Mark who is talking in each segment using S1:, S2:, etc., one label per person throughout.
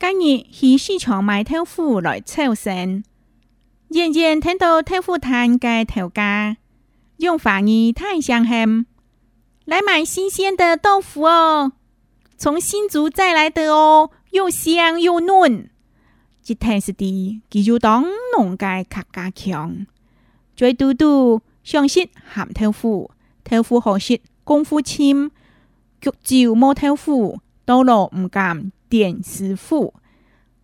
S1: 今日去市場買豆腐來湊牲，遠遠聽到豆腐攤個頭家用華語大聲喊，來買新鮮的豆腐哦，從新竹載來的哦，又香又嫩。一聽斯知，佢有當濃個客家腔。嘴嘟嘟想食鹹豆腐，豆腐好食功夫深，焗酒磨豆腐，到老毋敢展師傅。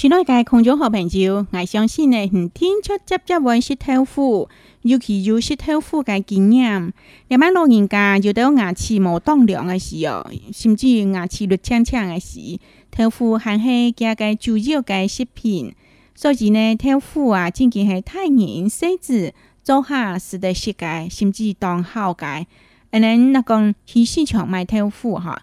S1: 現代嘅空中好朋友，我相信咧，從天出吃吃碗豆腐，尤其有豆腐的經驗。夜晚老人家就到牙齒冇當涼嘅時候，甚至牙齒綠青青嘅時，豆腐還是加嘅豬肉嘅食品。所以呢豆腐啊，真嘅係太黏，甚至做下食得食嘅，甚至當好嘅。誒，你那講去市場買豆腐哈？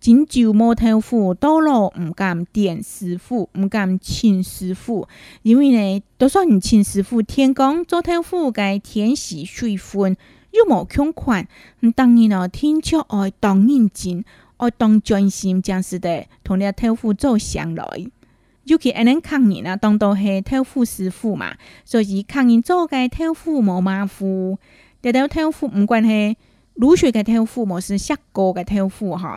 S1: 焗酒磨豆腐，到老唔敢展師傅，唔敢請師傅，因為呢都說唔請師傅，天公做豆腐，嘅天時水分，又冇窮困，當然咯天朝愛當認真，愛當專心將師傅同條豆腐做上來，尤其阿人客人呢，當到係豆腐師傅嘛，所以客人做嘅豆腐冇馬虎，條條豆腐唔關係，鹵水嘅豆腐，或是石膏嘅豆腐哈。